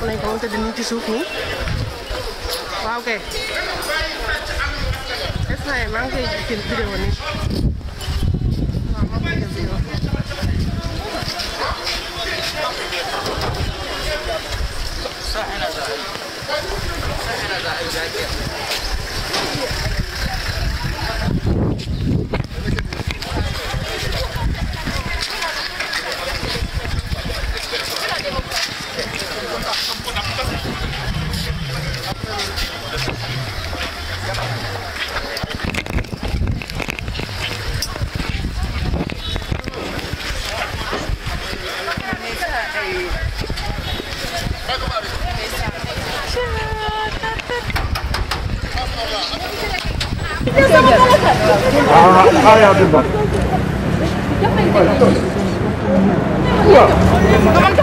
jàpp nañ ko moom tëdd nii ci suuf maa ngi koy jël vidéo nii.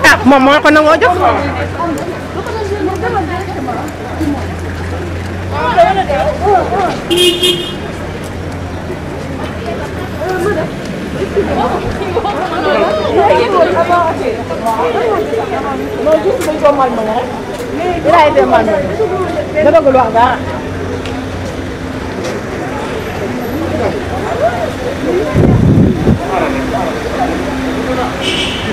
ah moom moo ko nangoo jox. Dah ada mana? Dah bagus luar tak? Ah.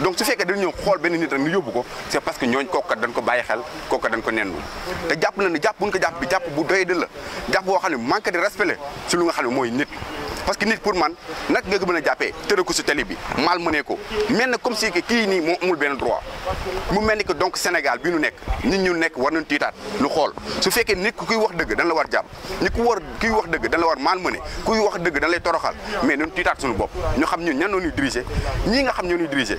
donc su fekkee dañu ñëw xool benn nit rek ñu yóbbu ko c'est parce que ñoñ ko ko dañ ko bàyyi xel kookat dañ ko nennu te japp na ne jàpp bu ko japp bi japp bu doy de la japp bo xamni manque de respect ci lu nga xamni moy nit parce que nit pour man nak nga ko mën a jàppee tëral ko si télé bi mal mënee ko melni comme si que kii nii moo amul benn droit mu melni que donc Sénégal bi ñu nek nit ñu nek war nañ tiitaat lu xol su fekkee nit ku koy wax dëgg dañ la war japp nit ku war kuy wax dëgg dañ la war mal mëne ku wax dëgg dañ lay toroxal mais ñun tiitaat suñu bop ñu xam ñun ñan ñu diriger ñi nga xam ñu ñuy diriger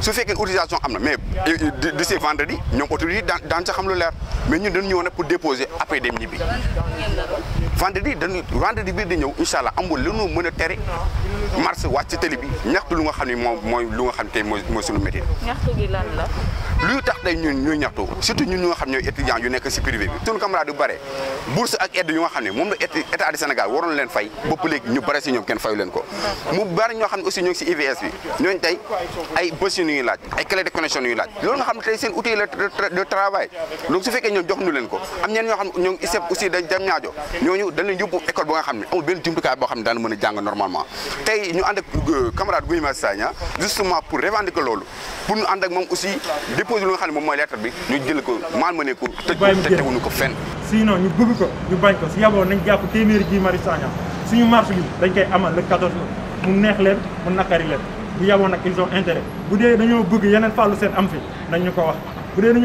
su fekkee autorisation am mais de ce vendredi nous autorité dans dans sa xam lu leer mais ñun dañu ñëw pour déposer après demi vendredi dañu vendredi biir ñëw incha allah amul lu nu mën tere mars wàcc ci tëli bi ñaxtu lu nga xam ne moom mooy lu nga xam tey mooy mooy suñu luy tax tey ñuy ñaxtu surtout ñu nga xam ñooy étudiants yu nekk si privé bi suñu camarade yu bare bourse ak aide yu nga xam ne moom la état du Sénégal waroon leen fay bopp léegi ñu bare si ñoom kenn fayu leen ko mu bari ñoo xam ne aussi ñoo ngi si bi ñooñu tey ay bës yu ñuy laaj ay clé de loolu nga xam tey seen outil de travail ko am ñeen ne ñoo dañu dañ leen yóbbu école ba nga xam ne amul benn jumtukaay boo xam ne daan mën a jàng normalement tey ñu ànd ak euh, camarade Guy Marius Sagna justement pour revendiquer loolu pour ñu ànd ak moom aussi déposer lu nga xam ne moom mooy lettre bi ñu jël ko malmené ko ko te teguñu ko fenn sinon ñu bëgg ko ñu bañ ko si yaboo nañ jàpp téeméeri Guy Marius Sagna suñu marche bi dañ koy amal le 14 mu neex mu naqari bu yaboon nag ils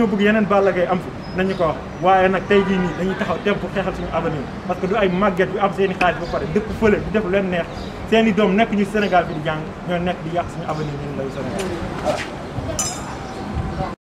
ont bu nañu ko waaye nag tey jii nii dañuy taxaw temp xeexal suñu avenir parce que du ay màgget yu am seen i xaalis ba pare dëkk fële di def leen neex seeni doom nekk ñu Sénégal bi di jàng ñoo nekk di yàq suñu avenir ñun layu Sénégal voilà